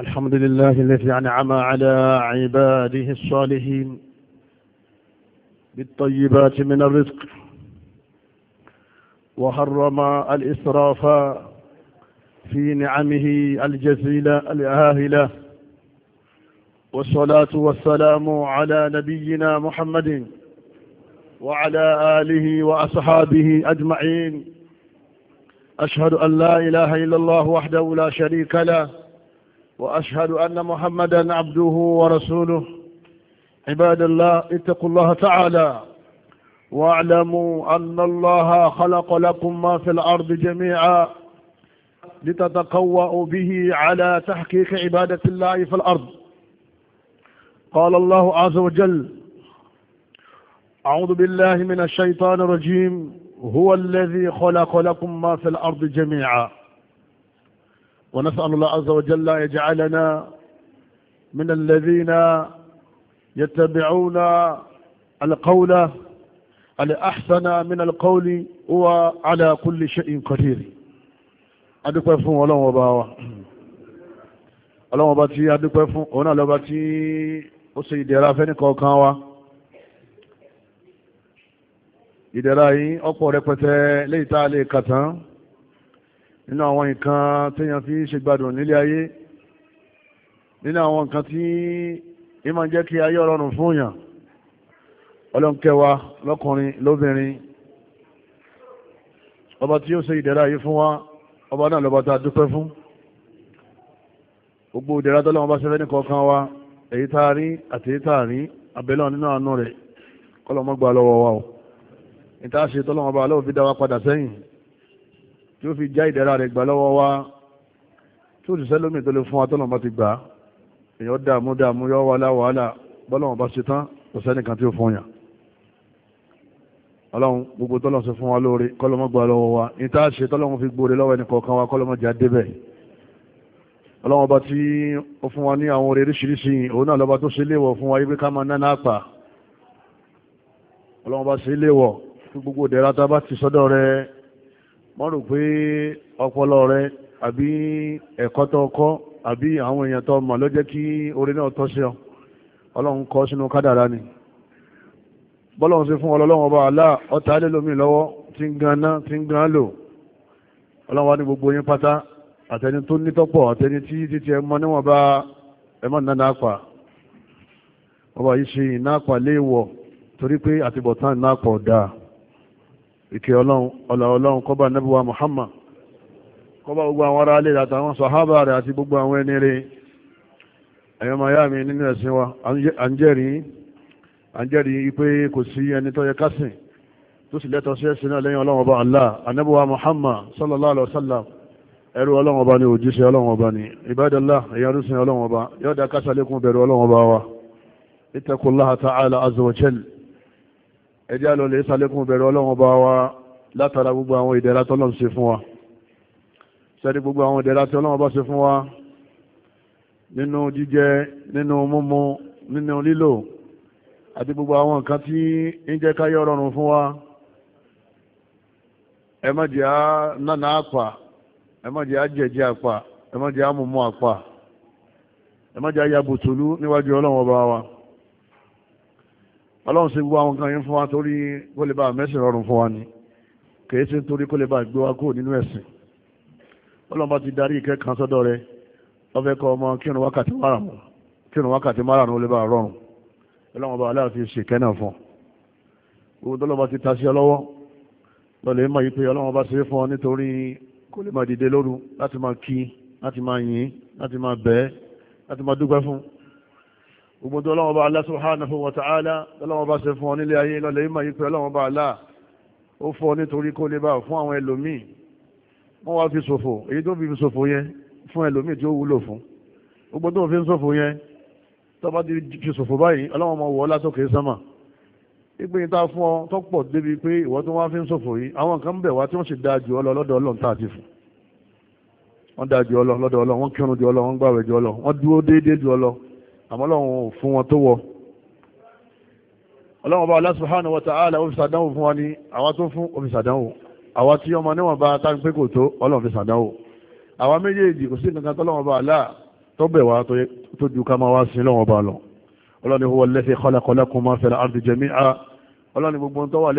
الحمد لله الذي أنعم على عباده الصالحين بالطيبات من الرزق وحرم الإسراف في نعمه الجزيلة الآهلة والصلاة والسلام على نبينا محمد وعلى آله وأصحابه أجمعين أشهد أن لا إله إلا الله وحده لا شريك له وأشهد أن محمدا عبده ورسوله عباد الله اتقوا الله تعالى واعلموا أن الله خلق لكم ما في الأرض جميعا لتتقوأوا به على تحقيق عبادة الله في الأرض قال الله عز وجل أعوذ بالله من الشيطان الرجيم هو الذي خلق لكم ما في الأرض جميعا ونسأل الله عز وجل يجعلنا من الذين يتبعون القول الأحسن من القول هو على كل شيء قدير adúpẹ́ fún ọlọ́run ọba wa ọlọ́run ọba tí adúpẹ́ fún òun náà lọ́ba tí ó ṣe ìdẹ̀ra fẹ́nìkọ̀ọ̀kan wa ìdẹ̀ra yìí ọ̀pọ̀ rẹpẹtẹ léyìí tá a lè kà tán nínú àwọn nǹkan téèyàn fi ṣe gbádùn nílé ayé nínú àwọn nǹkan tí ẹ máa jẹ́ kí ayé ọlọ́run fún yàn ọlọ́nkẹwa lọ́kùnrin lóbìnrin ọba tí ó ṣe ìdẹ̀ra yìí fún wa ọba náà lọ́ba tá a dúpẹ́ fún gbogbo ìdẹ̀ra tó lọ́wọ́ bá ṣẹlẹ̀ nìkọ̀ọ̀kan wa èyí tá a rí àti èyí tá a rí abẹ́lọ́ nínú àánú rẹ̀ kọ́lọ́mọ́gbà lọ́wọ́ wa o ìta ṣe tọ́lọ́wọ́ bá lọ́wọ́ fi dá wa padà sẹ́yìn tí ó fi já ìdẹ̀ra rẹ̀ gbà lọ́wọ́ wa tí ó sì sẹ́lómi tó lè fún wa tọ́nà bá ti gbà èèyàn dààmú dààmú yọ wà láwàhálà bọ́lọ́wọ́n bá ṣe tán kò sẹ́nìkan tí ó fún yàn ọlọ́run gbogbo tọ́lọ́run ṣe fún wa lóore kọ́lọ́mọ́ gbà lọ́wọ́ wa ní tá a ṣe tọ́lọ́run fi gbòòrè lọ́wọ́ ẹnì kọ̀ọ̀kan wa kọ́lọ́mọ́ jà débẹ̀ ọlọ́run ọba tí ó fún wa ní àwọn oore oríṣiríṣi òun náà lọ́ba tó ṣe léèwọ̀ fún wa yí ká máa náná àpà ọlọ́run ọba ṣe léèwọ̀ fún gbogbo dẹ̀ra tá a bá ti sọ́dọ̀ rẹ̀ wọ́n rò pé ọpọlọ rẹ àbí ẹ̀kọ́ tó kọ́ àbí àwọn èèyàn tó mọ̀ ọ ọlọ́run kọ́ sínú kádàrá ni bọ́lọ́run sí fún ọlọ́run ọba àlá ọ̀tá lé lọ́wọ́ tí ń gan ná tí ń gan lò ọlọ́run wa ní gbogbo yín pátá àtẹni tó ní tọ́pọ̀ àtẹni tí títí ẹ mọ níwọ̀n bá ẹ mọ̀ nínú ọba yìí ṣe ìná àpà léèwọ̀ torí pé àtibọ̀tán ìná àpà ìkẹ́ ọlọ́run ọlá ọlọ́run kọ́bà nẹ́bùwà Muhammad kọ́bà gbogbo àwọn ará alẹ́ àtàwọn sàhábà rẹ̀ àti gbogbo àwọn ẹni rẹ̀ ẹ̀yọ́ miami nínú ẹ̀sìn wa àǹjẹ́rìí àǹjẹ́rìí pé kò sí ẹni tó yẹ kásìn tó sì lẹ́tọ̀ sí ẹ̀sìn ọlọ́run ọba Allah ẹjẹ́ àlọ́ lè sálẹ́kùn bẹ̀rẹ̀ ọlọ́run bá wa látara gbogbo àwọn ìdẹ̀ra tọ́lọ́run ṣe fún wa sẹ́ni gbogbo àwọn ìdẹ̀ra tí ọlọ́run bá ṣe fún wa nínú jíjẹ nínú mímu nínú lílò àti gbogbo àwọn nǹkan tí ń jẹ́ káyọ̀ rọrùn fún wa ẹ má jẹ́ á nánà àpà ẹ má jẹ́ á jẹ̀jẹ̀ àpà ẹ má jẹ́ á mọ̀mọ́ àpà ẹ má jẹ́ á ya bùtùlú níwájú ọlọ́run ọba wa ọlọ́run ṣe gbogbo àwọn kan yín fún wa torí kó lè bá mẹ́sìn rọrùn fún wa ni kìí ṣe nítorí kó lè bá gbé wa kúrò nínú ẹ̀sìn ọlọ́run bá ti darí ìkẹ́ kan sọ́dọ̀ rẹ ọfẹ́ kọ ọmọ kírun wákàtí márùn kírun wákàtí márùn ó lè bá rọrùn ọlọ́run bá aláàfin ṣe ìkẹ́ náà fún gbogbo tó lọ́ba ti ta sí ọ lọ́wọ́ lọ́lẹ̀ mọ̀ yí pé ọlọ́run bá ṣe é fún ọ nítorí kó lè máa dìde lóru láti máa kí láti máa yìn láti máa bẹ́ẹ̀ láti máa dúpẹ́ fún gbogbo tó ọlọ́wọ́ bá Allah subhanahu wa ta'ala lọ́wọ́ bá ṣe fún ọ nílé ayé lọ́lẹ̀ ìmọ̀ yìí pé ọlọ́wọ́ bá Allah ó fún ọ nítorí kó lè bá fún àwọn ẹlòmíì wọ́n wá fi ṣòfò èyí tó fi ṣòfò yẹn fún ẹlòmíì tí ó wúlò fún gbogbo tó fi ń ṣòfò yẹn tó bá ti fi ṣòfò báyìí ọlọ́wọ́ mọ wọ́ látòkè sánmà ìpè yìí tá a fún ọ tó pọ̀ débi pé ìwọ tó wá fi ń yìí àwọn nǹkan bẹ̀ wá tí wọ́n sì dáa jù ọ lọ lọ́dọ̀ Ọlọ́run tá a ti fún wọ́n dáa jù ọ lọ lọ́dọ̀ Ọlọ́run wọ́n kírun jù ọ lọ wọ́n gbàwẹ̀ jù ọ lọ wọ́n dúró déédéé jù ọ lọ àmọ́ ọlọ́run ò fún wọn tó wọ ọlọ́run ọba Allah subhanahu wa ta'ala ó fi ṣàdánwò fún wa ní àwa tó fún ó fi ṣàdánwò àwa tí ọmọ níwọ̀n bá tá pé kò tó ọlọ́run fi ṣàdánwò àwa méjèèjì kò sí nǹkan tó lọ́wọ́ ọba Allah tó bẹ̀ wá tó ju ká máa wá sí lọ́wọ́ ọba lọ ọlọ́run huwa allazi khalaqa lakum ma fil ardi jami'a ọlọ́run gbogbo tó wà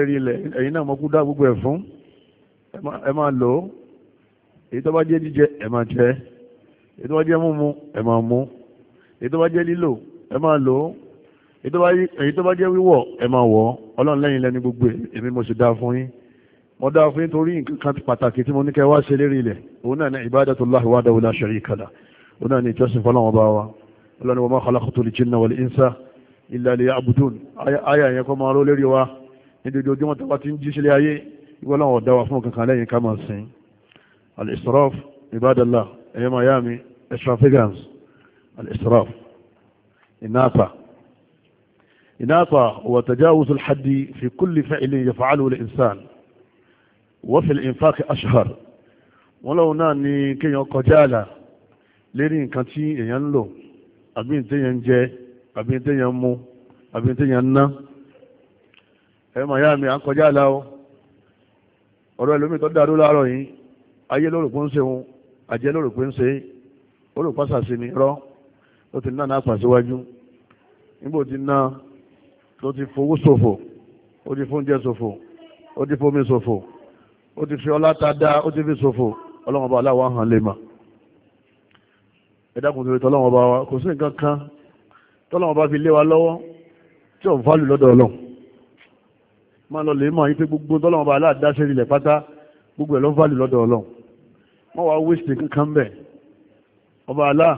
gbogbo èyí tó bá jẹ́ lílò ẹ máa lò ó èyí tó bá jẹ́ wíwọ̀ ẹ máa wọ̀ ọ́ ọlọ́run lẹ́yìn lẹ́ni gbogbo èmi mo sì dáa fún yín mo dáa fún yín torí nǹkan pàtàkì tí mo ní kẹ́ wá ṣe lérí ilẹ̀ òun náà ní ibadatullahi wahdahu la sharika lah òun náà ní ìjọsìn fọlọ́wọ́n bá wa ọlọ́run wa ma khalaqtul jinna wal insa illa liya'budun ayà yẹn kọ́ máa ró lérí wa ní dodo tó bá ti ń jí sílé ayé ìwọ́lọ́wọ́ al-israf inasa inasa huwa tajawuz al-haddi fi kulli fi'lin yaf'aluhu al-insan wa fi al-infaq ashhar wọ́n lọ́wọ́ náà ni kéèyàn kọjá àlà lérí nǹkan tí èèyàn ń lò àbí téèyàn ń jẹ àbí téèyàn ń mu àbí téèyàn ń ná ẹ mà yá mi à ń kọjá àlà o ọ̀rọ̀ ẹlòmíì tó dàrú láàárọ̀ yìí ayé ló rò pé ń ṣe òun àjẹ́ ló rò pé ń ṣe ó rò pásà sí ni rọ́ ló ti ná náà pàṣíwájú nígbò tí ná ló ti fowó ṣòfò ó ti fóúnjẹ ṣòfò ó ti fómi ṣòfò ó ti fi ọlá ta dá ó ti fi ṣòfò ọlọ́run ọba aláwọ̀ hàn lè mà ẹ̀dá kùn tó rí tọ́lọ́run ọba wa kò sí nǹkan kan tọ́lọ́run ọba fi lé wa lọ́wọ́ tí ò ń fálù lọ́dọ̀ ọlọ́run máa lọ lè mọ̀ yí gbogbo tọ́lọ́run aláàdáṣe ilẹ̀ pátá gbogbo ẹ̀ ló ń fálù lọ́dọ̀ ọlọ́run mọ́ wa wíṣì kankan bẹ̀ ọba alá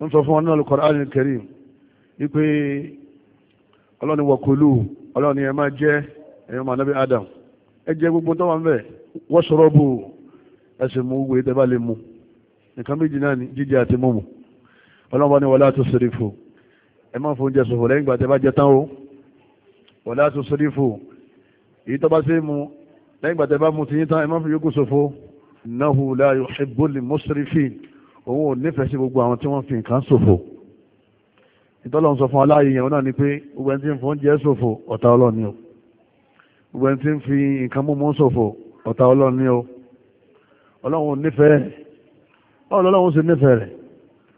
wọ́n sọ fún wọn nínú Al-Qur'an al-Karim wípé ọlọ́ni wọ̀kúlù ọlọ́ni ẹ̀ máa jẹ́ ẹ̀yọ́ máa nábì Adam ẹ jẹ́ gbogbo tó wà ń bẹ̀ wọ́n sọ̀rọ̀ bù ẹsẹ̀ mú wé tẹ́ bá lè mu nǹkan méjì náà ni jíjẹ àti mímu ọlọ́wọ́ ni wala tusrifu ẹ máa fún oúnjẹ ṣòfò lẹ́yìn ìgbà tẹ́ bá jẹ tán o wala tusrifu èyí tó bá sí mu lẹ́yìn ìgbà tẹ́ bá mu ti yín tán ẹ máa fi yókù ṣòfò innahu la yuhibbul musrifin òun ò nífẹ̀ẹ́ sí gbogbo àwọn tí wọ́n fi nǹkan ṣòfò ìtọ́lọ́n sọ fún aláàyè yẹn náà ni pé gbogbo ẹni tí ń fọ́n jẹ́ ṣòfò ọ̀tá ọlọ́ni o gbogbo ẹni tí ń fi nǹkan múmú ṣòfò ọ̀tá ọlọ́ni o ọlọ́run ò nífẹ̀ẹ́ rẹ̀ báwo lọ́lọ́run ṣe nífẹ̀ẹ́ rẹ̀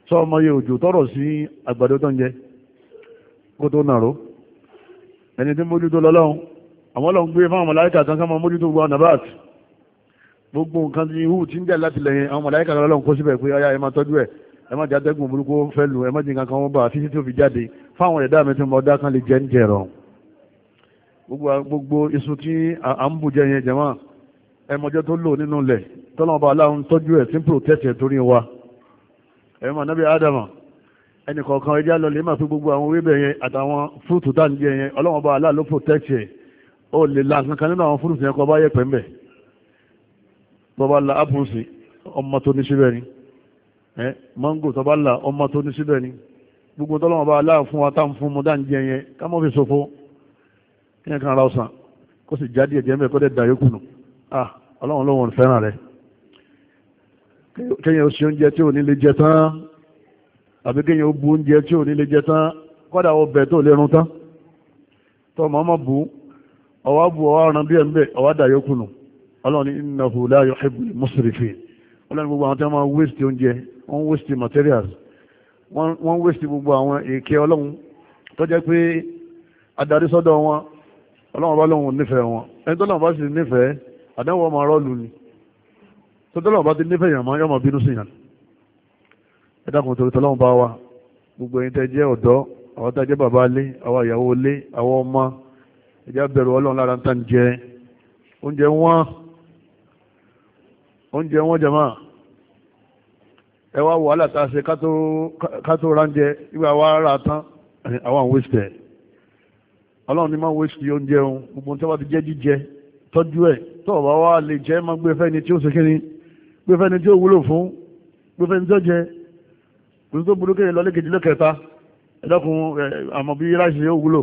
sọ ọmọ yẹ òjò tọrọ sí àgbàdo tó ń jẹ kó tó nàró ẹni tí mójútó lọ́lọ́run àwọn ọlọ́run gbé fáwọn mọ̀láríkà kan ká mójútó gbọ́ nàbáàtì gbogbo nǹkan tí ihu ti ń jẹ́ láti lẹ́yìn àwọn mọ̀láyíkà kan lọ́lọ́run kó síbẹ̀ pé ọyá ẹ máa tọ́jú ẹ̀ ẹ má jẹ́ atẹ́gùn burúkú fẹ́ lu ẹ má jẹ́ nǹkan kan wọ́n bá títí tó fi jáde fáwọn ẹ̀dá mi tí mo dá kan lè jẹ́ ń jẹ rọ. gbogbo iṣu tí à ń bù jẹ yẹn jẹ̀mọ́ ẹ mọ̀jọ́ tó lò nínú ilẹ̀ tọ́lọ́mọba aláwọn tọ́jú ẹ̀ tí ń protect ẹ̀ torí wa ẹ̀ mọ̀ nábì ádámà ẹnì kọ̀ọ̀kan ẹjá lọ lè máa fi gbogbo àwọn ewébẹ̀ yẹn àtàwọn fúrùtù tá à ń jẹ yẹn ọlọ́mọba aláà ló protect ẹ̀ ó lè la nǹkan kan nínú àwọn tọba la apple sí ọmọ tó ní síbẹ̀ ni ẹ mango tọba la ọmọ tó ní síbẹ̀ ni gbogbo tọ́lọ́wọ́n bá aláà fún wa táwọn fún mu ń jẹ yẹn ká mọ́ fi ṣòfò kí yẹn kan ọ̀sán kó sì jáde ẹ̀jẹ̀ mẹ́ kó dẹ̀ dà yókù nù ah ọlọ́run lọ́wọ́n fẹ́ràn rẹ̀ kéèyàn ó ṣe oúnjẹ tí ò ní lè jẹ tán àbí kéèyàn ó bu oúnjẹ tí ò ní jẹ tán kọ́dà ọbẹ̀ tó lè run tán tọ́ mọ́ mọ́ bu ọwọ́ bu ọwọ́ ran bí ẹ̀ ń bẹ̀ ọwọ́ dà yókù nù ọlọ́run innahu la yuhibbul musrifin ọlọ́run gbogbo àwọn tí wọ́n máa waste oúnjẹ wọ́n waste materials wọ́n waste gbogbo àwọn èké ọlọ́run tó jẹ́ pé adarí sọ́dọ̀ wọn ọlọ́run bá lọ́run nífẹ̀ẹ́ wọn ẹni tó lọ́run bá sì nífẹ̀ẹ́ àdánwò ọmọ rọ́ọ̀lù ni tó bá ti nífẹ̀ẹ́ yàn máa yọ́ máa bínú sí yàn ẹ dákun torí tọ́lọ́run bá wa gbogbo ẹni tẹ́ jẹ́ ọ̀dọ́ àwọn tẹ́ jẹ́ bàbá lé àwọn ìyàwó lé àwọn ọmọ ẹ̀jẹ̀ bẹ̀rù ọlọ́run lára ń tàn jẹ oúnjẹ wọn oúnjẹ wọn jẹmọ́ ẹ wá wàhálà tá a ṣe ká tó ránjẹ ìgbà wa rà tán àwọn àwọn wíṣẹ ọlọ́run ni máa wíṣẹ oúnjẹ òun gbogbo tí wọ́n ti jẹ́ jíjẹ tọ́jú ẹ̀ tó ọ̀bá wa lè jẹ́ máa gbé fẹ́ni tí ó ṣe kíni gbé fẹ́ni tí ó wúlò fún gbé fẹ́ni tí ó jẹ kò sí tó burú kéde lọ lékejì lókẹta ẹ dákun àmọ́ bí ráṣì yóò wúlò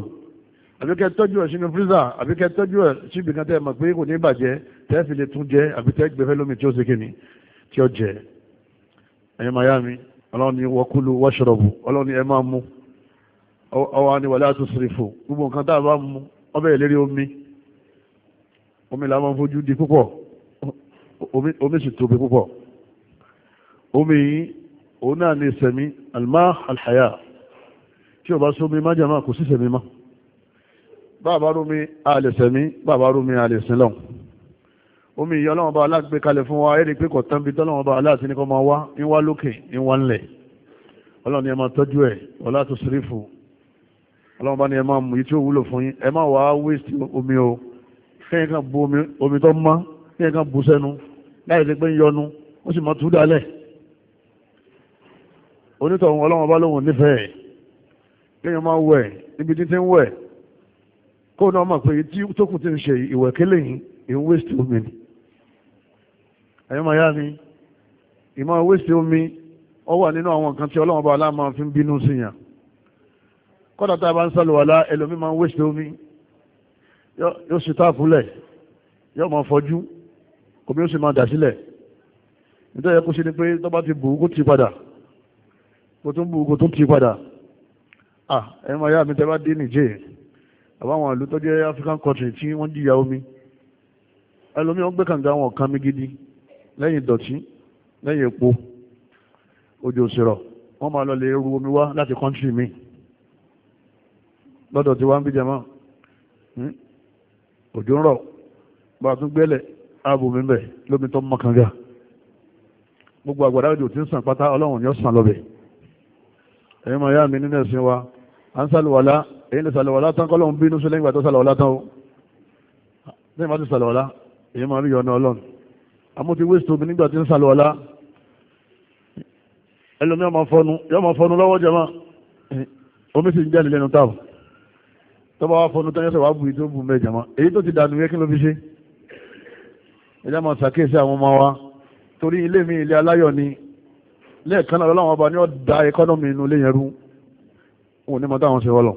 àbíkẹ́ tọ́jú ẹ̀ sínú fírísà àbíkẹ́ tọ́jú ẹ̀ síbi kan tẹ́ ẹ mọ̀ pé kò ní bàjẹ́ tẹ́ fi lè tún jẹ́ àbí tẹ́ gbẹ́fẹ́ lómi tí ó ṣe kíni tí ó jẹ́ ẹ̀yin miami ọlọ́run ni wọ́kúlù wọ́ṣọ̀rọ̀bù ọlọ́run ni ẹ máa mú ọwọ́ ni wàlẹ́ àtúnṣìrìfò gbogbo nǹkan tá a bá mú ọbẹ̀ ìlérí omi omi làwọn fojú di púpọ̀ omi sì tóbi púpọ̀ omi yìí òun náà ni ìsẹ̀mí almah alhaya tí ó bá sómi má jàmá kò sí ìsẹ̀mí máa bàbá rúmi àlèsẹ̀mí bàbá rúmi àlèsìnlọ́n omi ìyá ọlọ́wọ́n bá aláàgbé kalẹ̀ fún wa ẹ̀rí pé kò tán bí tọ́lọ́wọ́n bá aláàtí ní kọ́ máa wá ń wá lókè ń wá ńlẹ̀ ọlọ́run ni ẹ máa tọ́jú ẹ̀ ọlá tó sírífù ọlọ́run bá ní ẹ máa mú yìí tí ó wúlò fún yín ẹ máa wá wéṣì omi o kẹ́yìn kan bu omi tó mọ́ kẹ́yìn kan bu sẹ́nu láì pé ń yọnu ó sì máa tú dálẹ̀ onítọ̀hún ọlọ́run lóhùn nífẹ̀ẹ́ kẹ́yìn máa wẹ̀ níbi títí ń wẹ̀ kó náà mọ̀ pé tí tókùn ti ń ṣe ìwẹ̀kẹ́lẹ̀ yìí ìwé waste omi ni ẹ̀yọ́ máa yá ni ìmọ̀ waste omi ọ wà nínú àwọn nǹkan tí ọlọ́run bá aláàmà fi ń bínú sí yàn kọ́dà tá a bá ń sálùwàlá ẹlòmí máa ń waste omi yóò sì tá fúnlẹ̀ yóò máa fọjú omi yóò sì máa dà sílẹ̀ nítorí ẹkú sí ni pé tó ti bù kó ti padà kó tún bù kó tún ti padà ah ẹ̀yọ́ máa yá mi tẹ́ bá dé nìjẹ́ yìí àbáwọn ìlú tó jẹ́ African country tí wọ́n jìyà omi ẹlòmí wọn gbé kànga wọn kan mi gidi lẹ́yìn ìdọ̀tí lẹ́yìn epo òjò òsèrọ̀ wọ́n máa lọ lè ru omi wá láti country mi lọ́dọ̀ tí wọ́n ń bí jẹmọ́ hmm? òjò ń rọ̀ bá a tún gbẹ́lẹ̀ ààbò mi bẹ̀ lómi tó mọ́ kànga gbogbo àgbàdo òjò tí ń sàn pátá ọlọ́run yóò sàn lọ́bẹ̀ ẹ̀yin máa yá mi nínú ẹ̀sìn wa à èyí lè sàlọ̀wọ̀lá tán kọ́lọ̀ ń bínú sí lẹ́yìn ìgbà tó sàlọ̀wọ̀lá tán o lẹ́yìn bá ti sàlọ̀wọ̀lá èyí máa rí yọ̀nà ọlọ́run àmọ́ ti wéṣì tóbi nígbà tí ń sàlọ̀wọ̀lá ẹlòmí ọmọ fọnu yọ ọmọ fọnu lọ́wọ́ jẹ́ máa omi sì ń jáde lẹ́nu táàbù tó bá wá fọnu tán yẹ́sẹ̀ wá bùi tó bù mẹ́ jẹ́ èyí tó ti dànù yẹ kí ló fi ṣe ẹjá máa ṣàkíyèsí àwọn ọmọ wa torí ilé mi ilé aláyọ̀ ni lẹ́ẹ̀kan náà lọ́wọ́ ọba ni ó da ẹkọ́nọ́mì inú ilé yẹn rú òun ní mọ́tò àwọn ṣe wọ́lọ̀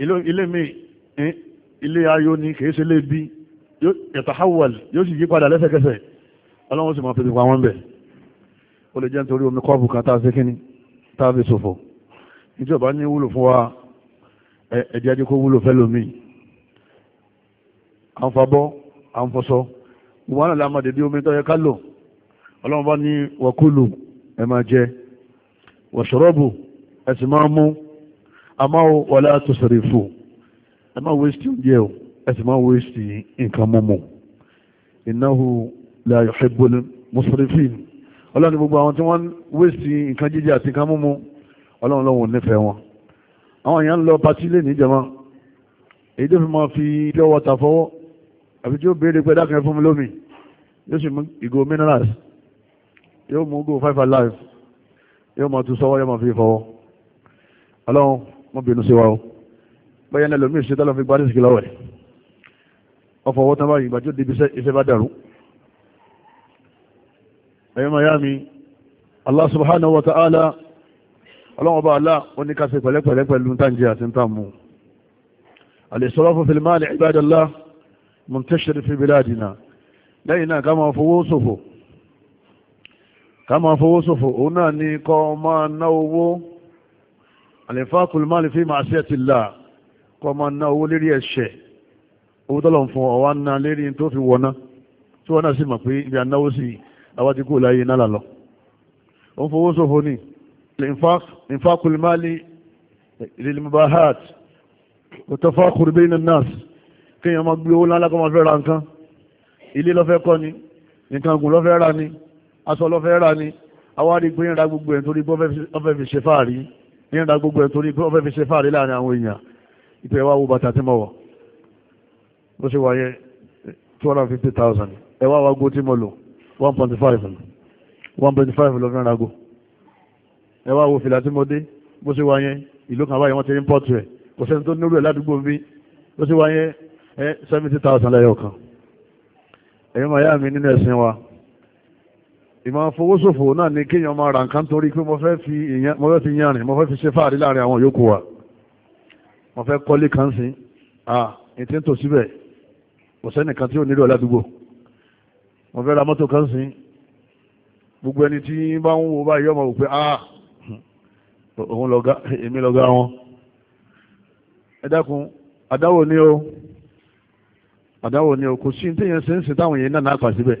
ilé mi ilé ayọ̀ ni kìí ṣe lé bí yatahawwal yóò sì yí padà lẹ́sẹ̀kẹsẹ̀ ọlọ́run sì máa fi pa wọ́n bẹ̀ ó lè jẹ́ nítorí omi kọ́ọ̀bù kan táa sékíní táa fi ṣòfò níjọba ní wúlò fún wa ẹ̀dí ajé kó wúlò fẹ́ lómi à ń fabọ́ à ń fọṣọ ìwọ omi tó yẹ ká lò ọlọ́run bá ní wakulu ẹ máa jẹ washrabu ẹ máa mú àmọ́ o wọlé tó sọ̀rọ̀ fò ẹ máa wéṣì oúnjẹ o ẹ sì máa wéṣì nǹkan mọ́mọ́ innahu la yuhibbul musrifin ọlọ́run ní gbogbo àwọn tí wọ́n wéṣì nǹkan jíjẹ àti nǹkan mọ́mọ́ ọlọ́run lọ́wọ́ nífẹ̀ẹ́ wọn àwọn èèyàn ń lọ patí lé níjàmá yóò mú go five alive yóò máa tún sọ́wọ́ yóò máa fi fọwọ́ ọlọ́run mọ́ bínú sí wa o bẹ́yẹn náà lómi ìṣẹ́tọ́ lọ fi gbárí ìsìnkú lọ́wọ́ rẹ̀ ọfọ̀ owó tán báyìí ìgbà tí ó débi iṣẹ́ bá dàrú ẹ̀yọ́ miami Allah subhanahu wa ta'ala ọlọ́wọ́ bá alá ó ní kásẹ̀ pẹ̀lẹ́pẹ̀lẹ́ pẹ̀lú tàǹjì àti tààmù al-israfu fil mali ibadallah muntashir fi biladina lẹ́yìn náà ká máa fowó ṣòfò ká máa fowó ṣòfò òun náà ní kọ́ máa ná owó àlẹ́fàkùn máàlì fi máa ṣẹ́ ti là kọ́ máa ná owó lérí ẹ̀ṣẹ̀ owó tọ́lọ̀ ń fún ọ wá ná lérí tó fi wọná tí wọ́n náà sì mọ̀ pé ibi ànáwó sí àwa ti kú láyé náà lọ. ó ń fowó ṣòfò ní ìfàkùn máàlì lilmubahat òtọ́fàkùn bẹ́ẹ̀ náà nàás kéèyàn máa gbé owó ńlá lákọ́ máa fẹ́ ra nǹkan ilé lọ́fẹ́ kọ́ ni nǹkan ogun lọ́fẹ́ ra ni aṣọ lọ́fẹ́ ra ni àwa rí ń ra gbogbo ẹ̀ torí pé ọ ní ìrìnà gbogbo ẹ̀ torí pé wọ́n fẹ́ fi ṣe fáàrí láàrin àwọn èèyàn ìpẹ́ wá wo bàtà tí mo wọ̀ bó ṣe wà yẹn two hundred and fifty thousand ẹ wá wá gbó tí mo lò one point five one point five lọ fi ń rago wo fìlà tí mo dé bó ṣe wà ìlú kan báyìí wọ́n ti ń pọ́ọ̀tù ẹ̀ kò sẹ́ni tó nírú ẹ̀ ládùúgbò bí bó ṣe wà yẹn seventy thousand lẹ́yọ̀ mi nínú ẹ̀sìn wa ìmọ̀ fowósòfò náà ni kéèyàn máa ra nǹkan torí pé mo fẹ́ fi yanrìn mo fẹ́ fi ṣe fáàrí láàrin àwọn yòókù wa mo fẹ́ kọ́lé kan sí ah ètí ń tò síbẹ̀ kò sẹ́nìkan tí ò nílò aládùúgbò mo fẹ́ ra mọ́tò kan sí gbogbo ẹni tí bá ń wo báyìí ọmọ wò pé ah òun lọ́gá èmi lọ́gá wọn ẹ dákun àdáwò ni o àdáwò ni o kò sí ní téèyàn ṣe ń ṣe táwọn èèyàn náà náà kà síbẹ̀.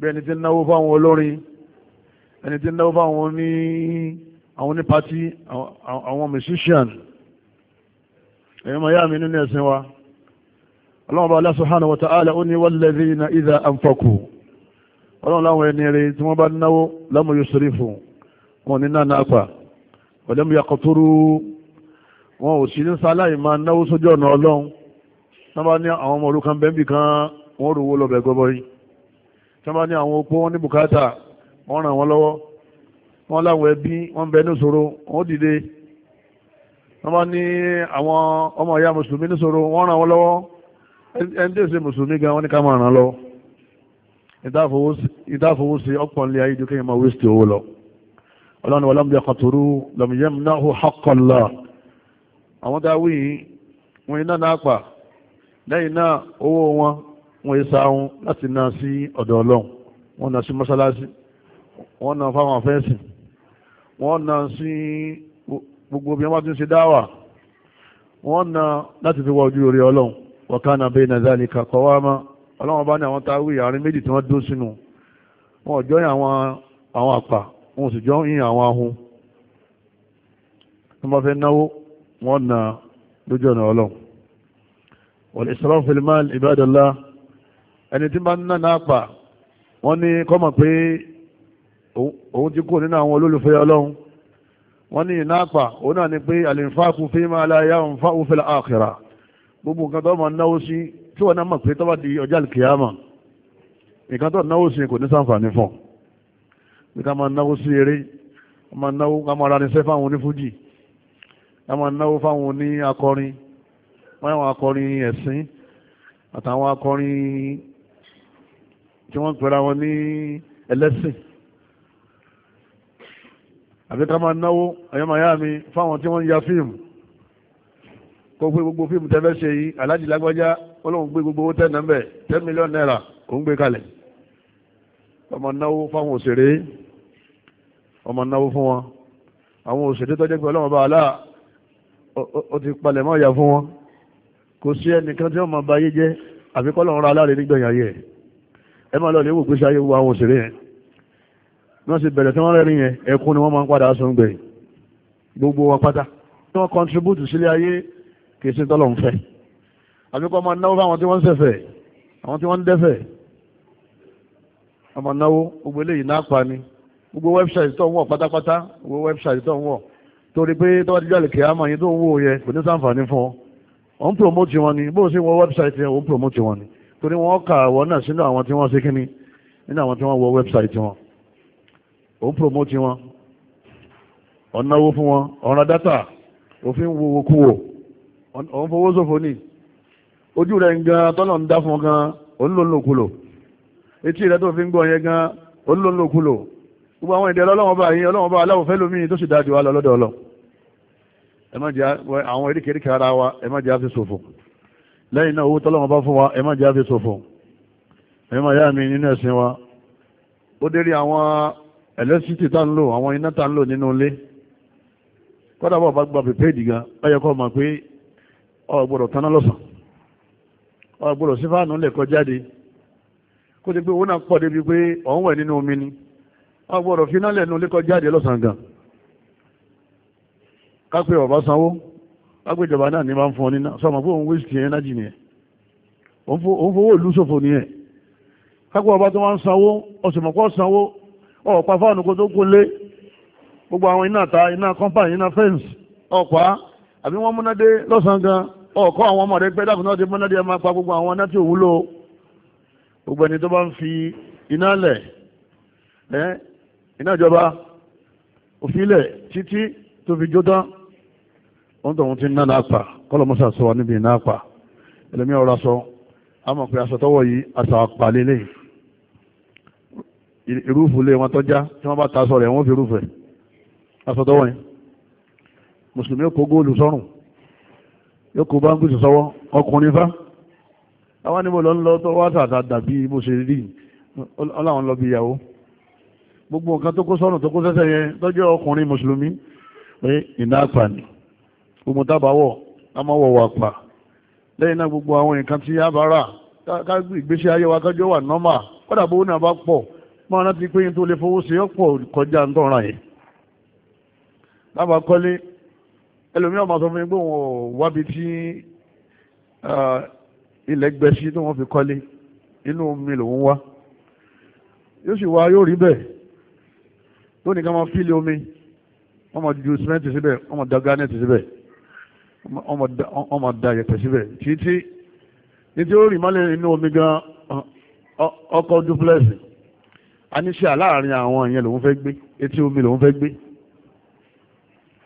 bí ẹni tí ń náwó fáwọn olórin ẹni tí náwó fáwọn ní àwọn ní pati àwọn musician ẹ̀yọ́ mọ̀ yá mi nínú ẹ̀sìn wa ọlọ́run bá Allah subhanahu wa ta'ala ó ní walladhina idha anfaqu ọlọ́run láwọn ẹni rẹ̀ tí wọ́n bá náwó lam yusrifu wọn ní náà náà pa ọ̀lẹ́mú yakọ̀túrú wọn ò sí ní sáláì máa náwó sójú ọ̀nà ọlọ́run náà bá ní àwọn ọmọ olùkọ́ bẹ́ẹ̀ bì kan wọ́n rò wó lọ bẹ̀ gọ́bọ́ yìí tí wọ́n bá ní àwọn opó wọn ní bùkátà wọ́n ràn wọ́n lọ́wọ́ wọ́n láwọn ẹbí wọ́n bẹ níṣòro wọ́n dìde wọ́n bá ní àwọn ọmọ ìyá mùsùlùmí níṣòro wọ́n ràn wọ́n lọ́wọ́ ẹni tí èsè mùsùlùmí gan wọ́n ní ká máa ràn lọ́wọ́ ìdáfowósí ọ̀pọ̀ nílé ayé dúkẹ́ ìmọ̀ wíṣítì owó lọ ọlọ́run wọlọ́mù yẹ kọ̀tùrú lọ́mùyẹ́m náà hù àwọn dáwí wọn iná náà pa lẹ́yìn náà owó wọn wọ́n yé sáhún láti na sí ọ̀dọ̀ ọlọ́run wọ́n na sí mọ́sálásí wọ́n na fáwọn afẹ́sì wọ́n na sí gbogbo bí wọ́n bá ti ń ṣe dáwà wọ́n na láti fi wá ojú orí ọlọ́run wa kana bayna dhalika qawama ọlọ́run bá ní àwọn táwí àárín méjì tí wọ́n dó sínú wọn ò jọyìn àwọn àwọn àpà wọn ò sì jọ yìn àwọn ahun wọ́n bá fẹ́ náwó wọ́n na lójú ọ̀nà ọlọ́run wal israf fil mal ibadallah ẹni tí bá ń nànà àpà wọ́n ní kọ́mọ̀ pé òun ti kú nínú àwọn olólùfẹ́ ọlọ́run wọ́n ní ìná àpà òun náà ni pé àlìfáàkù fi máa láyà ń fa òfin àkìrà gbogbo nǹkan tó máa náwó sí tí wọ́n náà mọ̀ pé tó bá di ọjọ́ àlìkìyàmọ̀ nǹkan tó náwó sí kò ní sàǹfààní fún un ká máa náwó sí eré ká máa náwó ká máa ranisẹ́ fáwọn onífújì ká máa náwó fáwọn oní akọrin wọ́n àwọn akọrin ẹ̀sìn àtàwọn akọrin tí wọ́n ń pera wọn ní ẹlẹ́sìn àbí ká máa náwó ẹ̀yọ́mọ̀yá mi fáwọn tí wọ́n ń ya fíìmù kó gbé gbogbo fíìmù tẹ́fẹ́ ṣe yìí aláàjì lágbájá ọlọ́run gbé gbogbo owó tẹ́ nẹ́mbẹ̀ ten million naira kò ń gbé kalẹ̀ ọmọ náwó fáwọn òṣèré ọmọ náwó fún wọn àwọn òṣèré tó jẹ́ pé ọlọ́run bá aláà ó ti palẹ̀ mọ́ ìyá fún wọn kò sí ẹnìkan tí wọ́n máa ba ayé jẹ́ àbíkọ́ ọlọ́run ra aláàrẹ nígbẹ̀yìn ayé ẹ̀ ẹ máa lọ lè wò gbèsè ayé wo àwọn òṣèré yẹn bí wọ́n sì bẹ̀rẹ̀ tí wọ́n rẹ̀ yẹn ẹkún ni wọ́n máa ń padà sọ gbẹ̀yìn gbogbo wa pátá tí wọ́n contribute sílé ayé kì tọ́lọ̀ ń fẹ́ àbíkọ́ máa náwó fáwọn tí wọ́n ń ṣẹ̀fẹ̀ àwọn tí wọ́n ń dẹ́fẹ̀ ọmọ náwó gbogbo eléyìí náà pa ni gbogbo website tó ń wọ̀ pátápátá gbogbo website tó ń wọ̀ torí pé tọ́wọ́ dídá lè kíá máa yín tó ń wò yẹ kò ní ṣàǹfààní fún ọ òun promote wọn ni bó o ṣe wọ website yẹn òun promote wọn ni torí wọ́n kà wọ́n náà sínú àwọn tí wọ́n ṣe kíní nínú àwọn tí wọ́n wọ wẹ́bsáìtì wọn òun promote wọn ọ̀nàwó fún wọn ọ̀ràn data, òfin wo kú wò òun fowó ṣòfò ní ojú rẹ̀ ń gan tọ́lọ̀ ń dá fún ọ gan òun ló ń lò kulò etí rẹ̀ tó fi ń gbọ́ yẹn gan òun ló ń lò kulò gbogbo àwọn ìdẹ́rẹ́ ọlọ́wọ́n bá yín ọlọ́wọ́n bá aláwọ̀ fẹ́ lómi tó sì dájú wa lọ lọ́dọ̀ ọlọ́ ẹ má jẹ́ àwọn eríkèéríkèé ara wa ẹ má jẹ́ àfi ṣòfò lẹ́yìn na owó tọ́lọ́wọ́n bá fún wa ẹ má jẹ́ mi nínú ẹ̀sìn wa ó dérí àwọn ẹlẹ́sìtì tá ń lò àwọn iná tá ń lò nínú ilé kọ́dà bọ̀ bá gba pèpéèdì gan ó yẹ kó pé o gbọ́dọ̀ taná lọ́sàn gbọ́dọ̀ lè kọ jáde kó ti pé owó náà omi ni gbọ́dọ̀ fi iná lẹ̀ nínú ilé agbèjọba náà ní máa ń fún ọ níná sọmọ pé òun wéṣìtì ẹnájì nìyẹn òun fowó ìlú ṣòfò nìyẹn kápẹ́ ọba tó wá ń sanwó ọ̀sùnmọ̀pọ̀ sanwó ọ̀pá fáwọn kó tó gúnlé gbogbo àwọn iná ta iná kọ́mpáì iná fẹ́ǹsì ọ̀pá àbí wọ́n múnádé lọ́sàn-án gan ọ̀kọ́ àwọn ọmọ rẹ pé dákùn náà ti múnádé ẹ máa pa gbogbo àwọn iná tí ò gbogbo ẹni tó bá ń fi iná lẹ̀ ẹ́ iná ìjọba òfin lẹ̀ títí tó fi jó tán wọ́n tó wọ́n ti ná lápá kọ́lọ̀mọ́sà sọ wà níbi ìnápa ẹlẹ́mí ọ̀rọ̀ aṣọ àmọ̀ pé aṣọ tọ́wọ́ yìí aṣọ àpàlẹ́ lẹ́yìn irúfù lé wọn tọ́já tí wọ́n bá ta aṣọ rẹ̀ wọ́n fi irúfẹ̀ aṣọ tọ́wọ́ yẹn mùsùlùmí kó góòlù sọ́rùn yóò kó báńkì sọ́wọ́ ọkùnrin fá àwọn níbo lọ ń lọ tó wá tàtà dàbí bó ṣe rí ọláwọn lọ bí ìyàwó gbogbo nǹkan tó kó sọ́rùn tó kó sẹ́sẹ̀ yẹn tọ́jú ọkùnrin mùsùlùmí pé ìnápa ni gbogbo tábàwọ̀ a máa wọ̀ wà pa lẹ́yìn náà gbogbo àwọn nǹkan tí a bá rà ìgbésí ayé wa kájọ́ wà nọ́mà kódà bó náà bá pọ̀ máa rántí pé yín tó lè fowó ṣe ọ̀pọ̀ kọjá ń tọ́ra yẹn lábà kọ́lé ẹlòmíràn máa sọ fún mi pé wọn ò wábi tí ilẹ̀ gbẹ̀sí tí wọ́n fi kọ́lé inú omi lòún wá yóò sì wá yóò rí bẹ́ẹ̀ lónìí ká máa fílẹ̀ omi wọ́n máa ju sìmẹ́ǹtì síbẹ̀ wọ́n máa da gánẹ́ẹ̀tì síbẹ̀ ọmọ da yẹ̀pẹ̀ síbẹ̀ títí títí ó rì mọ́lẹ̀ inú omi gan ọkọ̀ dúpúlẹ̀sì aníṣẹ́ láàrin àwọn ìyẹn lòun fẹ́ gbé etí omi lòun fẹ́ gbé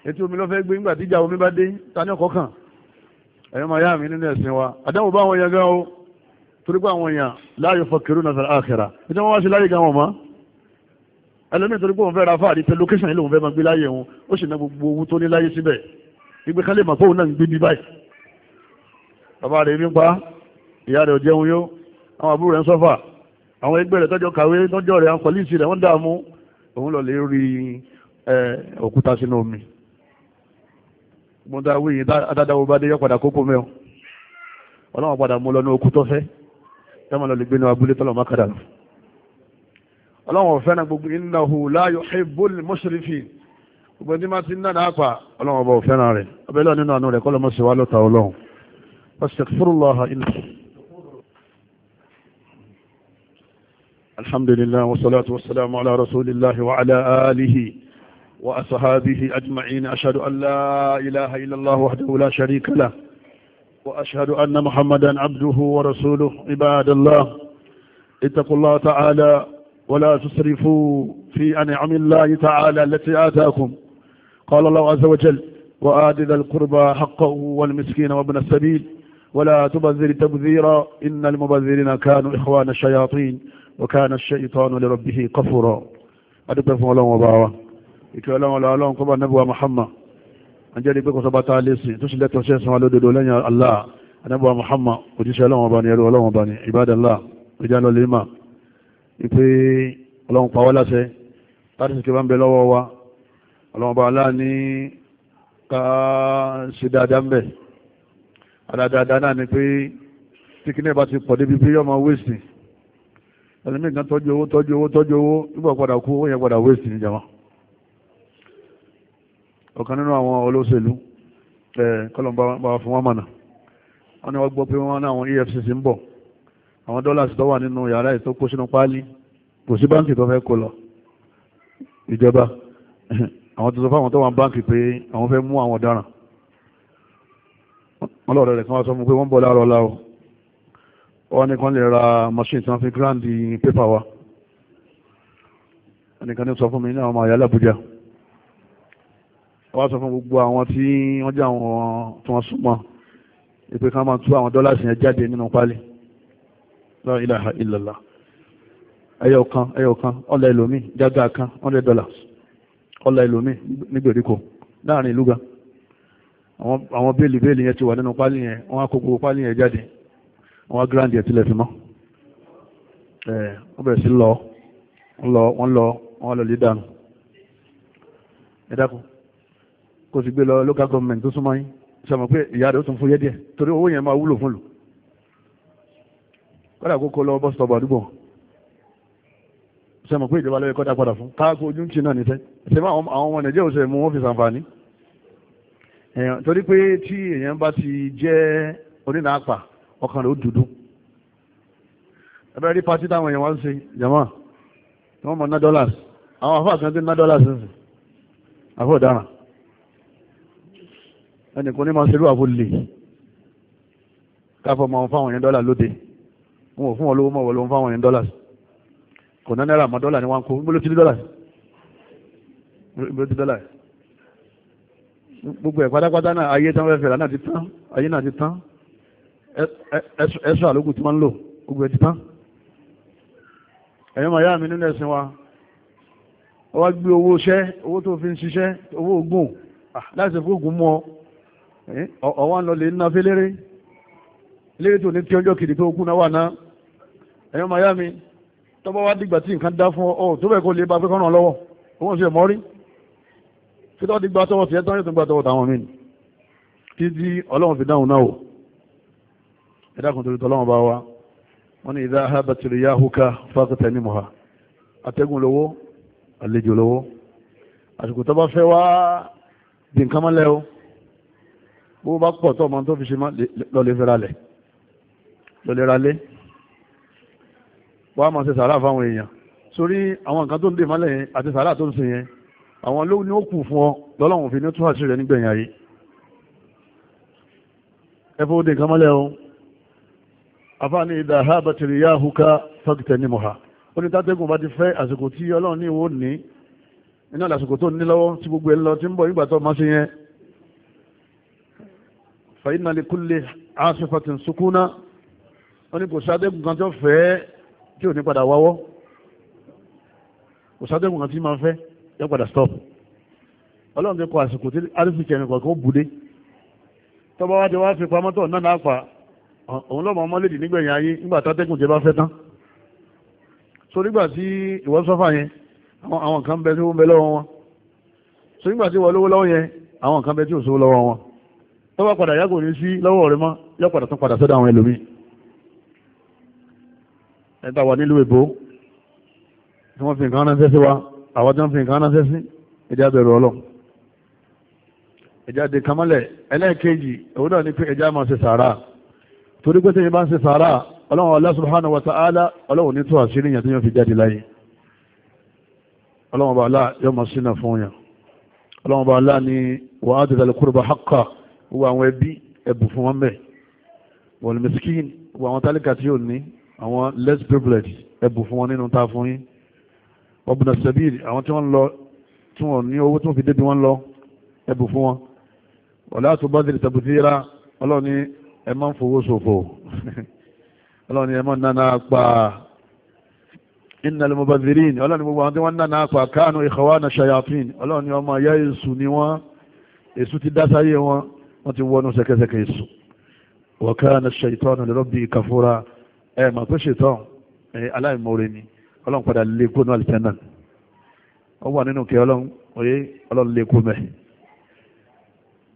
etí omi ló fẹ́ gbé nígbà tíjà omi bá dé ta ní ọkọ̀ kàn ẹ̀yọ́ máa yá mi nínú ẹ̀sìn wa àdáwò bá àwọn èèyàn gan o torí pé àwọn èèyàn láàyò fọkẹrù náà fẹ́ àkẹrà ètò wọn wá sí láyé gan wọn mọ́ ẹlòmíì torí pé òun fẹ́ ra fáàrí pé lókẹ́sàn yìí lòun fẹ́ máa gbé láyé òun ó sì ná gbogbo owó tó ní láyé síbẹ̀ gbígbé kálẹ̀ màpọ̀ òun náà ń gbé bí báyìí bàbá rẹ̀ rí ń pa ìyá rẹ̀ ò jẹun yó àwọn àbúrò rẹ̀ ń sọ́fà àwọn ẹgbẹ́ rẹ̀ tọ́jọ́ kàwé tọ́jọ́ rẹ̀ àwọn pọ̀lísì rẹ̀ wọ́n dààmú òun lọ lè rí òkúta sínú omi gbọ́dá wíyìn adádáwó bá dé yọ padà kókó mẹ́ọ ọlọ́wọ́n padà mú lọ okú tó fẹ́ lọ lè gbé ní abúlé tọ́lọ̀ ọlọ́wọ́n fẹ́ràn gbogbo innahu la yuhibbul mushrifin gbogbo ní máa ti ń dáadáa pa ọlọ́run ọba òfẹ́ràn rẹ̀ ọbẹ̀ lọ nínú àánú rẹ̀ kọ́ lọ́mọ sí wa lọ́ta ọlọ́run astaghfirullah iná alhamdulillah wa salatu wa salamu ala rasulillah wa ala alihi wa asahabihi ajma'in ashadu an la ilaha illallah wahdahu la sharika lah wa ashadu anna muhammadan abduhu wa rasuluhu ibadallah ittaqullah ta'ala ولا تسرفوا في أنعم الله تعالى التي آتاكم قال الله عز وجل وآدد القربى حقه والمسكين وابن السبيل ولا تبذر تبذيرا إن المبذرين كانوا إخوان الشياطين وكان الشيطان لربه كفورا أدب فهم الله وبعوا إكي الله ولا الله قبى نبوى محمد أنجلي بكو سبعة عليسي تسلت توسيس سمالو دولين الله نبوى محمد وجيس الله وباني يلو الله وباني عباد الله رجال الإمام إكي الله قوى لسي تارسك بان بلوى ọlọ́mọba aláà ní ká ṣe dáadáa ń bẹ̀ adáadáa náà ni pé tí kíní bá ti pọ̀ débi pé yọmọ wéṣì ẹlẹ́mí kan tọ́jú owó tọ́jú owó tọ́jú owó nígbà padà kú ó yẹ padà wéṣì níjàmá ọ̀kan nínú àwọn olóṣèlú ẹ̀ kọ́lọ̀mbà bá fún wọn mọ̀nà wọ́n ní wọ́n gbọ́ pé wọ́n náà àwọn EFCC ń bọ̀ àwọn dọ́làsì tó wà nínú yàrá ètò kó sínú páálí kò sí báńkì tó fẹ́ kó lọ ìjọba àwọn tó sọ fáwọn tó wà báńkì pé àwọn fẹ́ mú àwọn ọ̀daràn wọ́n lọ́rọ̀ rẹ̀ kan wá sọ mú pé wọ́n bọ̀ láàrọ̀ láwọ́ wọ́n ní kan lè ra machine tán fi grand paper wa ẹnìkan ní sọ fún mi ní àwọn àyà l'Àbújá wọ́n sọ fún gbogbo àwọn tí wọ́n jẹ́ àwọn tí wọ́n súnmọ́ ìpè kan máa tú àwọn dọ́là sí yẹn jáde nínú pálí la ilaha illallah ẹyọ kan ẹyọ kan ọ̀lẹ́ ìlòmí jágá kan 100 dollars ọlá ìlòmí nígbèríko láàrin ìlú ga àwọn bẹ́ẹ̀lì bẹ́ẹ̀lì yẹn ti wà nínú pálí yẹn wọ́n á kó gbogbo pálí yẹn jáde wọ́n á gíráǹdì ẹ̀ tilẹ̀ fi mọ́ ẹ̀ wọ́n bẹ̀rẹ̀ sí lọ wọ́n lọ wọ́n lọ lè dànù ẹ dákun sì gbé lọ local government tó súnmọ́ yín sọmọ pé ìyá rẹ̀ ó tún fún yẹ́ díẹ̀ torí owó yẹn máa wúlò fún lù kọ́dà kó kó lọ bọ́sítọ̀bù àdúgbò sẹ́mọ̀ pé ìjọba lọ́yẹ kọ́dá padà fún káàkó ojú ń ṣe náà nìṣẹ́ sẹ́mọ̀ àwọn ọmọ nàìjíríà ọ̀sẹ̀ mú ọ́fíìsì àǹfààní torí pé tí èèyàn bá ti jẹ́ onínàápà ọkàn rẹ̀ ó dúdú ẹbẹ̀rẹ̀ rí pati táwọn èèyàn wá ń ṣe jama tí wọ́n mọ̀ ná dọ́làs àwọn afọ́ àkàndé ná dọ́làs ń sìn afọ́ ọ̀daràn ẹnìkan ní máa ṣerú àfọ lè káfọ́ máa fáwọn èèyàn dọ́là lóde wọn ò fún wọn lówó mọ̀ wọ́n ló fáwọn èèyàn dọ́làs kò ná náírà mọ́ dọ́là ni wọ́n ń kó níbo dọ́là dọ́là gbogbo ẹ̀ pátápátá náà ayé tán fẹ́ fẹ́ra náà ti tán ayé náà ti tán ẹ̀ṣọ́ àlókù tí wọ́n ń lò gbogbo ẹ̀ ti tán ẹ̀yọ́ wa ó owó iṣẹ́ owó tó tọ́ba wá dìgbà tí nǹkan dá fún ọ tó bẹ́ẹ̀ kó lè bá pé kọ́nà lọ́wọ́ òun ṣe mọ́rí kí tọ́ dìgbà tọwọ́ tiẹ̀ tán yóò tún gbà tọwọ́ tàwọn mí kí tí ọlọ́run fi dáhùn náà o ẹ dákun torí tọ́lọ́run bá wa wọ́n ní ìdá ahábàtìrì yahuka fákàtà ní mọ̀ha atẹ́gùn lówó àlejò lówó àsìkò tọ́ba fẹ́ wá di nǹkan mọ́lẹ́ o bó bá pọ̀ tọ́ ọmọ tó fi ṣe lọ́lẹ́ fẹ́ralẹ̀ lọ́lẹ́ ralẹ́ wàá máa ṣe sàárà fáwọn èèyàn sórí àwọn nǹkan tó ń dè mọ́lẹ̀ yẹn àti sàárà tó ń ṣe yẹn àwọn ló ní ó kù fún ọ lọ́lọ́run fi ní tó àṣírí rẹ nígbẹ̀yìn ayé ẹ fọ́ dé nǹkan mọ́lẹ̀ o àfáàní ìdá àbàtìrì yá hùkà tọ́kìtẹ̀ ní mọ̀ha ó ní tátẹ́gùn bá ti fẹ́ àsìkò tí ọlọ́run ní ìwò ní iná lásìkò tó ń ní kò tí ò ní padà wáwọ́ òṣàdéhùn kan tí máa ń fẹ́ yọ padà stop ọlọ́run ti kọ àsìkò tí arífìkì ẹnì kọ̀ọ̀kan ó bude tọ́ba wá ti wá fi pamọ́ tọ̀ náà náà fà òun lọ́mọ ọmọ lédì nígbẹ̀yìn ayé nígbà tátẹ́kùn jẹ bá fẹ́ tán so nígbà tí ìwọ sọ́fà yẹn àwọn nǹkan bẹ tí ó ń bẹ lọ́wọ́ wọn so nígbà tí ìwọ lówó lọ́wọ́ yẹn àwọn nǹkan bẹ tí ò sówó lọ́wọ́ wọn tọ́ba padà yàgò ní sí lọ́wọ́ rẹ mọ́ yọ padà tún padà sọ́dọ̀ àwọn ẹlòmíì ẹ̀ta wà nílùú èbó tí wọ́n fi nǹkan ránṣẹ́ sí wa àwọn tí wọ́n fi nǹkan ránṣẹ́ sí ẹjá bẹ̀rù ọlọ́run ẹjá de kamálẹ̀ ẹlẹ́ẹ̀kejì òun náà ni pé ẹjá máa ṣe sàárà torí pé tẹ́yìn bá ń ṣe sàárà ọlọ́run Allah subhanahu wa ta'ala ọlọ́run ní tó àṣírí yẹn tó yẹn fi jáde láyé ọlọ́run bá aláà yọ máa sínà fún yẹn ọlọ́run bá aláà ni wà á dìgbà lẹ́kúrò haqqa wọ àwọn ẹbí ẹ̀bù fún wọn bẹ̀ wal miskin wọ àwọn tálíkà tí yóò ní àwọn less privileged ẹ̀bù fún wọn nínú ta fún yín ọ̀bùnà sẹ́bíìlì àwọn tí wọ́n lọ tí wọ́n ní owó tí wọ́n fi débi wọ́n lọ ẹ̀bù fún wọn ọ̀lá tó bá ọlọ́run ní ẹ máa ń fowó ṣòfò ọlọ́run ní ẹ máa ń nana pa innal mubadhirin ọlọ́run ní gbogbo àwọn tí wọ́n nana pa kanu ikhwana shayatin ọlọ́run ní ọmọ ayá èṣù ni wọ́n ẹ mà pé ṣètọ́ aláìmoore ni ọlọ́run padà lè kó náà lìtẹ́ náà ó wà nínú kí ọlọ́run oyé ọlọ́run lè kó mẹ́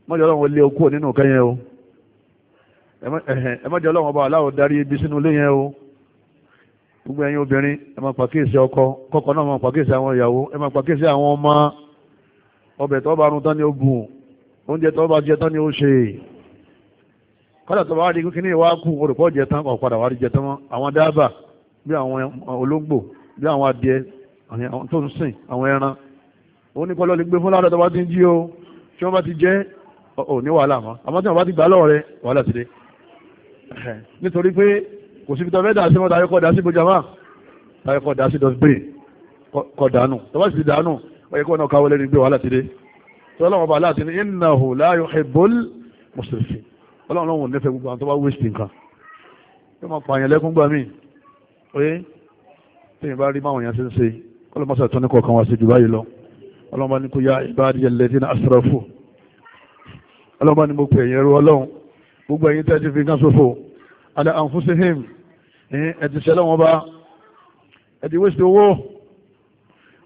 mọ́jọ́ ọlọ́run ó lé okú nínú kẹ́yẹn o ẹ mọ́jọ́ ọlọ́run ọba aláwọ̀ darí ibi sínú ilé yẹn o gbogbo ẹ̀yin obìnrin ẹ máa pàkíyèsí ọkọ kọ́kọ́ náà máa pàkíyèsí àwọn ìyàwó ẹ máa pàkíyèsí àwọn ọmọ ọbẹ̀ tó bá run tán ni ó bù oúnjẹ tó bá jẹ tán ni ó ṣe kọ́dà tó bá wá di kí ní ìwá kú orùpọ̀ jẹ tán ọ̀padà wá rí jẹ tán mọ́ àwọn dábà bí àwọn ológbò bí àwọn adìẹ tó ń sìn àwọn ẹran ó ní kọ́lọ́ lè gbé fún ládàá tó bá ti ń jí o tí wọ́n bá ti jẹ́ ò ní wàhálà mọ́ àmọ́ tí wọ́n bá ti gbà lọ́wọ́ rẹ wàhálà ti dé nítorí pé kò síbi tó fẹ́ dà sí mọ́ tàbí kọ́ dà sí bójú àmà kọ́ dà sí dọ́sbìn kọ́ dànù tó bá sì ọlọ́run lọ́wọ́n nífẹ̀ẹ́ gbogbo àwọn tó bá wéṣì nǹkan yóò máa pààyàn lẹ́kún gbà mí oyé tẹ́yìn bá rí máwọn èèyàn ṣe ń ṣe ọlọ́run máa ṣàtúnní kọ̀ọ̀kan wá sí jù báyìí lọ ọlọ́run bá ní kó ya ìbáàdì ẹlẹ́dín asrafu ọlọ́run bá ní mo pè ẹ̀yìn ẹrú ọlọ́run gbogbo ẹ̀yìn tẹ́tí fi kán ṣòfò ala anfusihim ẹ̀tì ṣẹlẹ̀ wọn bá ẹ̀tì wéṣì owó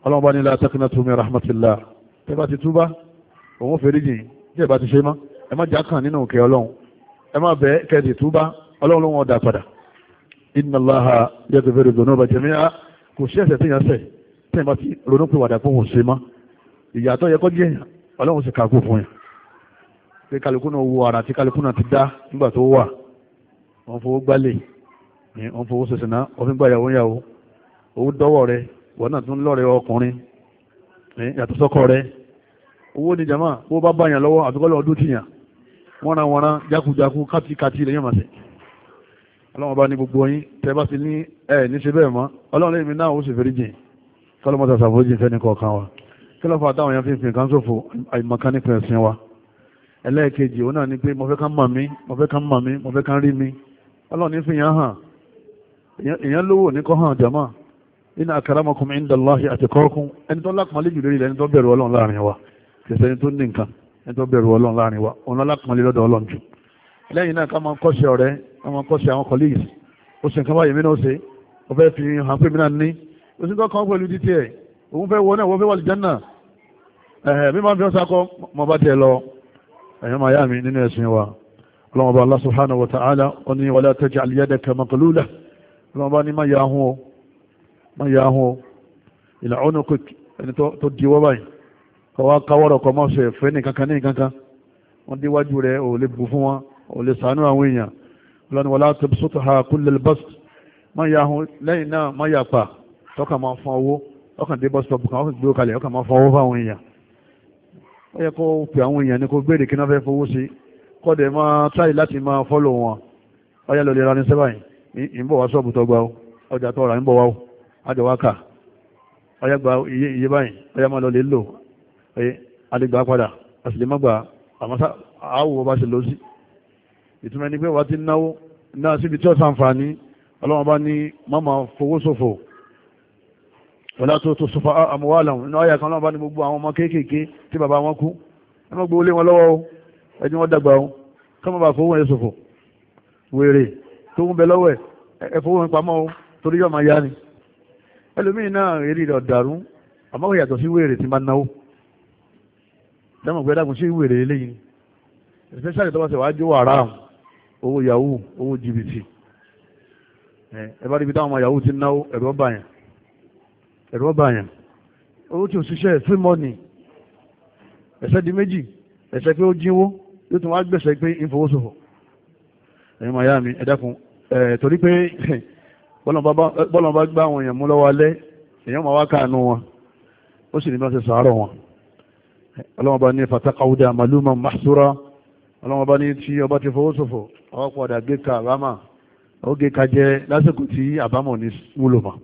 ọlọ́run bá ní la taqnatu min rahmatillah tẹ́ bá ti túbá òun fèrè jìn tí ẹ bá ti ṣe má ẹ má jà kàn nínú òkè ọlọ́run ẹ máa bẹ̀ kẹ́ẹ̀dì túbá ọlọ́run lóhun ọ̀dà padà inna Allaha yaghfiru dhunuba jami'a kò sí ẹ̀ṣẹ̀ téèyàn ṣẹ̀ téèyàn bá ti ronú pé wàdà fún òun ṣe má ìyàtọ̀ yẹ kọ́ jẹ́ èèyàn ọlọ́run sì kàkó fún yàn pé kálukú náà wo ara tí kálukú náà ti dá nígbà tó wà wọ́n fowó gbálẹ̀ wọ́n fowó ṣẹ̀ṣẹ̀ náà wọ́n fi gbà yàwó yàwó owó dọ́wọ́ rẹ wọ́n náà tún lọ́rẹ̀ ọkùnrin yàtọ̀ sọ́kọ rẹ owó ni jama owó bá bá yàn lọ́wọ́ àtúkọ́lọ́ ọdún tìyàn wọ́nranwọ́nran jákujàku kátikati lè yàn máa ṣe ọlọ́run bá ní gbogbo yín tẹ́ bá ti ní ẹ̀ níṣẹ́ bẹ́ẹ̀ mọ́ ọlọ́run lèmi náà ó sì fẹ́rí jìn kọ́lọ́mọ́ta ṣàforíjì fẹ́ ní kọ̀ọ̀kan wa kí ló fà táwọn èèyàn fi ń fi nǹkan ṣòfò àìmọ̀kan nípa ẹ̀sìn wa ẹlẹ́ẹ̀kejì òun náà ni pé mo fẹ́ ká mọ̀ mí mo fẹ́ ká mọ̀ mí mo fẹ́ ká rí mi ọlọ́run ní fi yàn hàn èèyàn lówó ní kọ́ hàn jama inna akramakum indallahi atqakum ẹni tó lápọ̀nlé jùlọ ilẹ̀ ẹni tó bẹ̀rù ọlọ́run ẹni tó bẹ̀rù ọlọ́run láàrin wa òun lápọ̀nlé lọ́dọ̀ ọlọ́run jù lẹ́yìn náà ká máa kọ́ṣe ọ̀rẹ́ ká máa kọ́ṣe àwọn colleagues ó ṣe nǹkan báyìí mí náà ṣe ó fẹ́ fi hàn pé mí náà ní ó sì ń tọ́kàn pẹ̀lú títí ẹ̀ òun fẹ́ wọ náà wọ́n fẹ́ wà lìjẹ́ náà ẹ̀hẹ̀ mi máa ń fi ọ́sà kọ́ mọ bá tiẹ̀ lọ ẹ̀yìn máa yá mi nínú ẹ̀sìn wa ọlọ́mọ bá Allah subhanahu wa ó ní wala taj'al yadaka maghlula kọwa káwọ́rọ̀ kọ mọ́ ṣe fẹ́ nìkankan ní nìkankan wọ́n díwájú rẹ̀ ò lè bù fún wọn ò lè sànú àwọn èèyàn lọ́nà wọlá tó sọ́tò ha kúlẹ̀ bọ́s má ya hun lẹ́yìn náà má ya pa tọ́ka máa fún owó ọkàn dé bọ́s tọ́pù kan ọkàn gbé kalẹ̀ ọkàn máa fún owó fáwọn èèyàn ó yẹ kó pè àwọn èèyàn ní kó béèrè kí fẹ́ fowó sí kọ́ dẹ̀ máa táyì láti máa fọ́lọ̀ wọn ó yẹ lọ́lẹ̀ rani sẹ́bà yìí ń wá sọ́ọ̀bù tọ́gbà ó ọjà tọ́ra ń bọ̀ wá ó àjọ wá kà ó yẹ gba iye báyìí ó yẹ máa lọ́lẹ̀ lò ẹ adigun apadà àsìlẹ́mọ́gbà àwọ̀ bá ṣe lọ sí ìtumọ̀ ẹni pé wà á ti náwó náà síbi tí ó sàǹfààní ọlọ́wọ́n bá ní mọ́mọ́ fowó ṣòfò wọ́n tó tó sọfà àmúwàlà nínú ọ̀yà kan náà bá ní gbogbo àwọn ọmọ kéékèèké tí bàbá wọn kú ẹ má gbowó lé o ẹni wọn o kọ́ mọ́ bá fowó ẹ ṣòfò wèrè tó ń bẹ lọ́wọ́ ẹ ẹ fowó ẹ pamọ́ o torí yóò máa yá ni ẹlòmíì náà èrè rẹ̀ ọ̀dàrú àmọ́ yàtọ̀ sí wèrè tí máa náwó dẹ́mọ̀ pé dákun sí wèrè eléyìí especially tọ́wọ́ sẹ wàá jó wàrà owó yahoo owó jìbìtì ẹ bá níbi táwọn ọmọ yahoo ti náwó ẹ̀rọ bàyàn ẹ̀rọ bàyàn owó tí ò ṣiṣẹ́ free money ẹ̀sẹ̀ di méjì ẹ̀sẹ̀ pé ó jínwó yóò tún wá gbẹ̀sẹ̀ pé ìfowósòfò ẹ̀yin màá yá mi ẹ dákun ẹ̀ torí pé bọ́lọ̀ bá gbá àwọn èèyàn mú lọ́wọ́ alẹ́ èèyàn máa wá káànú wọn ó sì ní bí wọ́n ṣe sàárọ̀ wọn ọlọ́wọ́n bá ní fatakawuda maluma mahsura ọlọ́wọ́n bá ní tí ọba ti fowó ṣòfò ọwọ́ padà gé ka àbámà ó gé ka jẹ lásìkò tí àbámọ̀ ní wúlò mọ́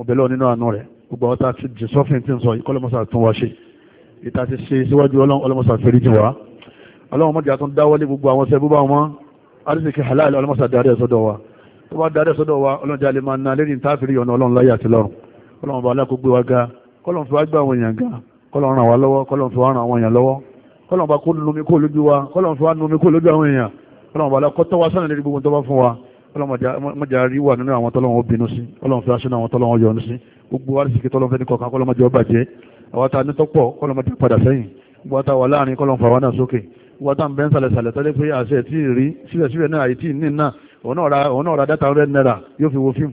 ọbẹ̀ lọ́wọ́ nínú àánú rẹ̀ gbogbo àwọn a ti jẹ sọ́fìn tí ń sọ yìí kọ́lọ́mọ́sà tún wá ṣe ìta ti ṣe síwájú ọlọ́mọ́sà fèrè jìn wá ọlọ́wọ́n mọ́jà tún dáwọ́lé gbogbo àwọn ṣẹ́ búbá wọn arísìkí halal ọlọ́mọ́sà darí ẹ̀sọ́dọ̀ wa tó bá darí ẹ̀sọ́dọ̀ wa ọlọ́jà lè máa na lẹ́yìn táàfìrí ọ̀nà ọlọ́run láyé àti lọ́run ọlọ́run bá alákòógbé wa ga kọ́lọ́run fi wá kọ́lọ̀ ràn wá lọ́wọ́ kọ́lọ̀ fi wá ràn àwọn èèyàn lọ́wọ́ kọ́lọ̀ bá kó numi kó lójú wa kọ́lọ̀ fi wá numi kó lójú àwọn èèyàn kọ́lọ̀ bá lọ́kọ́ tọ́wọ́ sánà lórí gbogbo tó bá fún wa kọ́lọ̀ mọ̀já rí wà nínú àwọn tọ́lọ́wọ́ bínú sí kọ́lọ̀ fi aṣọ àwọn tọ́lọ́wọ́ yọ sí gbogbo wa sì kí tọ́lọ́ fẹ́ ní kọ̀ọ̀kan kọ́lọ̀ mọ̀já bàjẹ́ àwọn ta ní tọ́pọ̀ kọ́lọ̀ mọ̀já padà sẹ́yìn gbogbo ta wà láàrin kọ́lọ̀ fà wá náà sókè gbogbo ta ń bẹ́ ń sàlẹ̀ sàlẹ̀ tọ́lẹ́ pé àṣẹ tí ì rí síbẹ̀síbẹ̀ náà àyè tí ì ní náà òun náà ra dátà rẹ̀ náírà yóò fi wo fíìmù